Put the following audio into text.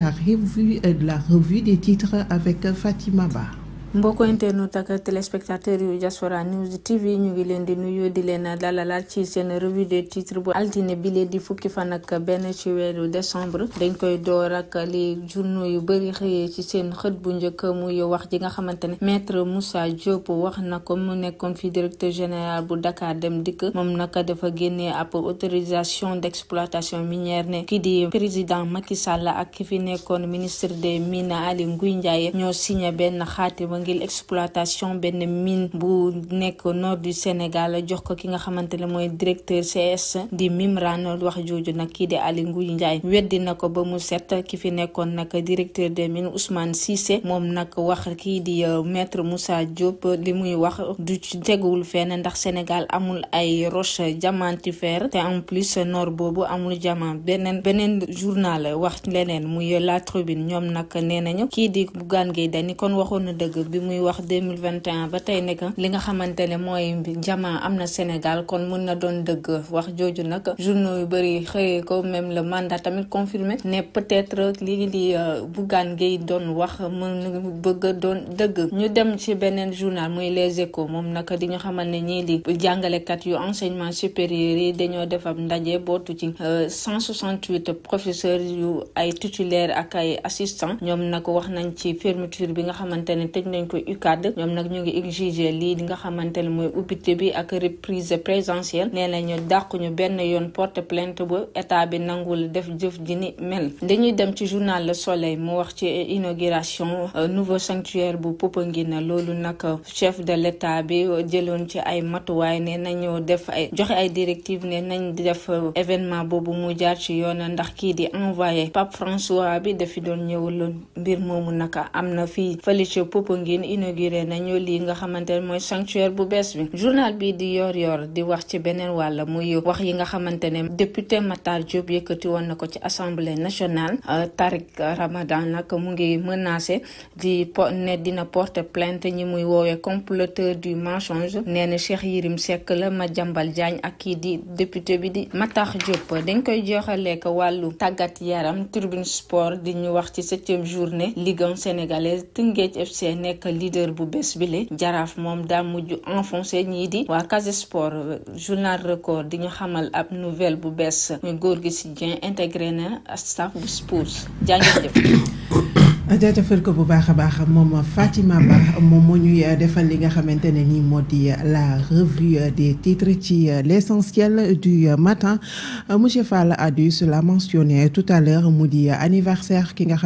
la revue, euh, la revue des titres avec Fatima Bar. mbokk internet ak téléspectateur yu Diaspora News TV ñu ngi leen di nuyu di leen dalalaat ci seen revue de titre bu altine bi leen di fukki fan ak benn ci weeru décembre dañ koy door ak li journaux yu bëri xëyee ci seen xët bu njëkk muy wax ji nga xamante ne maître Moussa Diop wax na ko mu nekkoon fi directeur général bu Dakar Dem Dikk moom naka dafa génne ab autorisation d'exploitation minière ne kii di président Macky Sall ak ki fi nekkoon ministre des Mines Aly Ngouille ñoo ngir exploitation benn mine bu nekk nord du Sénégal jox ko ki nga xamante ne mooy directeur CS di Mimran wax jooju nag kii di ali nguy Ndiaye weddi na ko ba mu set ki fi nekkoon nag directeur des mines Ousmane Cissé moom nag wax kii di euh, maître musa Diop li muy wax du ci teguwul fenn ndax Sénégal amul ay roche diamantifère te en plus nord boobu amul diamant beneen beneen journal wax leneen muy La Tribune ñoom nag nee nañu kii di Bougane Gueye Dany kon waxoon na dëgg bi muy wax 2021 ba tey nekk li nga xamante ne mooy jamaa am na Sénégal kon mën na doon dëgg wax jooju nag journaux yu bëri xëyee ko même le mandat tamit confirmé ne peut-être lii di euh, Bougane Gueye doon wax mën na bëgg a doon dëgg ñu dem ci beneen journal muy Les Échos moom nag di ñu xamal ne ñii di jàngalekat yu enseignement supérieur yi dañoo def ab ndaje bootu ci 168 euh, professeurs yu ay titulaires ak ay assistants ñoom nag wax nañ ci fermeture bi nga xamante ne tëj na nañ ko UCAD ñoom nag ñu ngi exiger lii li nga xamante ne mooy ubbite bi ak reprise présentielle nee nañu dàq ñu benn yoon porte plainte bu état bi nangul def jëf ji ni mel dañuy dem ci journal Le Soleil mu wax ci inauguration euh, nouveau sanctuaire bu Popenguine loolu nag euh, chef de l'état bi euh, jëloon ci ay matuwaay ne nañu def ay joxe ay directive ne nañ def événement boobu mu jaar ci yoon ndax kii di envoyé Pape François bi dafi doon ñëwul mbir moomu naka am na fii fële ci Popenguine Popenguine inauguré nañu li nga xamantene moy sanctuaire bu bees bi journal bi di yor yor di wax ci benen wàll muy wax yi nga xamantene député Matar Diop yëkëti woon na ci assemblée nationale euh, Tariq Ramadan nak mu ngi menacé di ne dina porter plainte ñi muy wowe comploteur du mensonge nee na Cheikh Yirim Sek la ma jambal jañ ak kii di député bi di Matar Diop dañ koy joxale ko walu tagat yaram tribune sport di ñu wax ci 7e journée ligue sénégalaise Tinguet FC nekk nekk leader bu bés le jaraaf moom daa mujj enfoncé ñii di waa Casa Sport journal record di ñu xamal ab nouvelle bu bees muy góor gi si Dieng intégré na staff bu Spurs jàngeen jaajëfal ko bu baax a baax moom Fatima Ba moom moo ñuy defal li nga xamante ne nii moo di la revue des titres ci l'essentiel du matin monsieur Fall a dû cela mentionné tout à l'heure mu di anniversaire ki nga.